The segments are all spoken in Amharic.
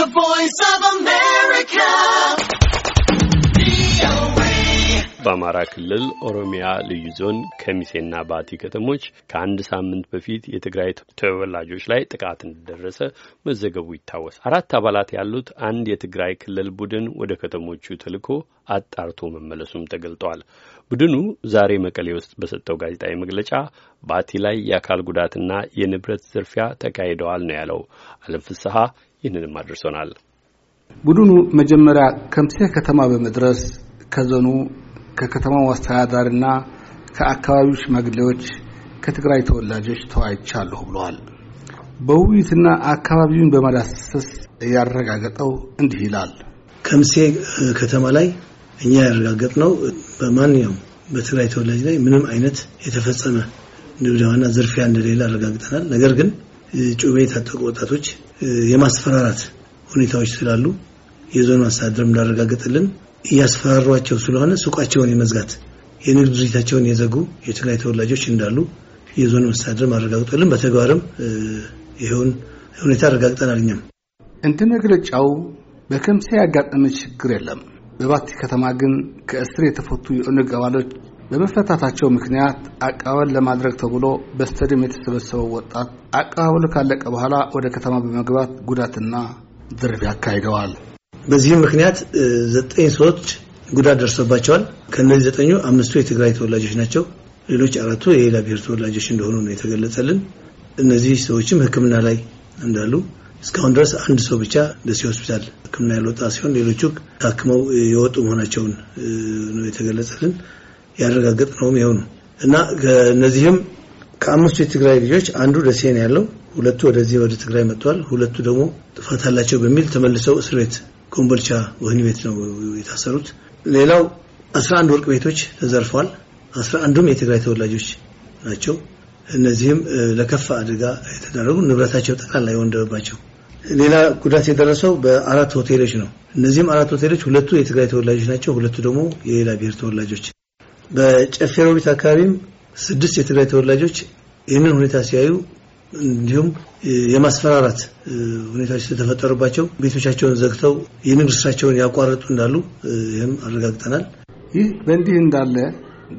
The Voice of America. በአማራ ክልል ኦሮሚያ ልዩ ዞን ከሚሴና ባቲ ከተሞች ከአንድ ሳምንት በፊት የትግራይ ተወላጆች ላይ ጥቃት እንደደረሰ መዘገቡ ይታወሳል። አራት አባላት ያሉት አንድ የትግራይ ክልል ቡድን ወደ ከተሞቹ ተልኮ አጣርቶ መመለሱም ተገልጧል። ቡድኑ ዛሬ መቀሌ ውስጥ በሰጠው ጋዜጣዊ መግለጫ ባቲ ላይ የአካል ጉዳትና የንብረት ዝርፊያ ተካሂደዋል ነው ያለው። አለም ፍስሐ ይህንንም አድርሶናል። ቡድኑ መጀመሪያ ከምሴ ከተማ በመድረስ ከዘኑ ከከተማው አስተዳዳሪና ከአካባቢው ሽማግሌዎች ከትግራይ ተወላጆች ተወያይቻለሁ ብለዋል። በውይይትና አካባቢውን በማዳሰስ ያረጋገጠው እንዲህ ይላል። ከምሴ ከተማ ላይ እኛ ያረጋገጥነው በማንኛውም በትግራይ ተወላጅ ላይ ምንም አይነት የተፈጸመ ድብደባና ዝርፊያ እንደሌለ አረጋግጠናል። ነገር ግን ጩቤ የታጠቁ ወጣቶች የማስፈራራት ሁኔታዎች ስላሉ የዞኑ አስተዳደር እንዳረጋገጠልን እያስፈራሯቸው ስለሆነ ሱቃቸውን የመዝጋት የንግድ ድርጅታቸውን የዘጉ የትግራይ ተወላጆች እንዳሉ የዞኑ መስተዳድር አረጋግጦልን በተግባርም ይሄውን ሁኔታ አረጋግጠናል። እኛም እንደ መግለጫው በከምሳ ያጋጠመ ችግር የለም። በባቲ ከተማ ግን ከእስር የተፈቱ የኦነግ አባሎች በመፈታታቸው ምክንያት አቀባበል ለማድረግ ተብሎ በስታዲየም የተሰበሰበው ወጣት አቀባበሉ ካለቀ በኋላ ወደ ከተማ በመግባት ጉዳትና ዝርፊያ አካሂደዋል። በዚህም ምክንያት ዘጠኝ ሰዎች ጉዳት ደርሶባቸዋል። ከእነዚህ ዘጠኙ አምስቱ የትግራይ ተወላጆች ናቸው። ሌሎች አራቱ የሌላ ብሔር ተወላጆች እንደሆኑ ነው የተገለጸልን። እነዚህ ሰዎችም ሕክምና ላይ እንዳሉ እስካሁን ድረስ አንድ ሰው ብቻ ደሴ ሆስፒታል ሕክምና ያልወጣ ሲሆን ሌሎቹ ታክመው የወጡ መሆናቸውን ነው የተገለጸልን። ያረጋገጥ ነው የሚሆኑ እና እነዚህም ከአምስቱ የትግራይ ልጆች አንዱ ደሴ ነው ያለው። ሁለቱ ወደዚህ ወደ ትግራይ መጥተዋል። ሁለቱ ደግሞ ጥፋት አላቸው በሚል ተመልሰው እስር ቤት ኮምቦልቻ ወህኒ ቤት ነው የታሰሩት። ሌላው አስራ አንድ ወርቅ ቤቶች ተዘርፈዋል። አስራ አንዱም የትግራይ ተወላጆች ናቸው። እነዚህም ለከፋ አደጋ የተዳረጉ ንብረታቸው ጠቅላላ የወንደበባቸው። ሌላ ጉዳት የደረሰው በአራት ሆቴሎች ነው። እነዚህም አራት ሆቴሎች ሁለቱ የትግራይ ተወላጆች ናቸው፣ ሁለቱ ደግሞ የሌላ ብሔር ተወላጆች በጨፌ ሮቢት አካባቢም ስድስት የትግራይ ተወላጆች ይህንን ሁኔታ ሲያዩ እንዲሁም የማስፈራራት ሁኔታዎች ስለተፈጠሩባቸው ቤቶቻቸውን ዘግተው የንግድ ስራቸውን ያቋረጡ እንዳሉ ይህም አረጋግጠናል። ይህ በእንዲህ እንዳለ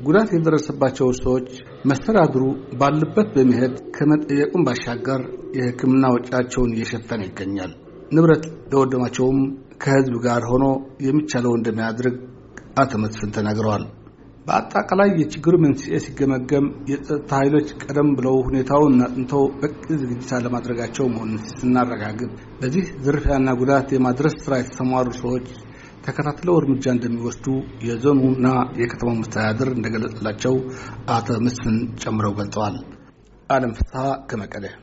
ጉዳት የደረሰባቸው ሰዎች መስተዳድሩ ባሉበት በመሄድ ከመጠየቁም ባሻገር የሕክምና ወጪያቸውን እየሸፈነ ይገኛል። ንብረት ለወደማቸውም ከህዝብ ጋር ሆኖ የሚቻለው እንደሚያድርግ አቶ መስፍን ተናግረዋል። በአጠቃላይ የችግሩ መንስኤ ሲገመገም የጸጥታ ኃይሎች ቀደም ብለው ሁኔታውን አጥንተው በቂ ዝግጅት ለማድረጋቸው መሆኑን ስናረጋግጥ፣ በዚህ ዝርፊያና ጉዳት የማድረስ ስራ የተሰማሩ ሰዎች ተከታትለው እርምጃ እንደሚወስዱ የዞኑና የከተማው መስተዳድር እንደገለጸላቸው አቶ ምስፍን ጨምረው ገልጸዋል። አለም ፍስሐ ከመቀለ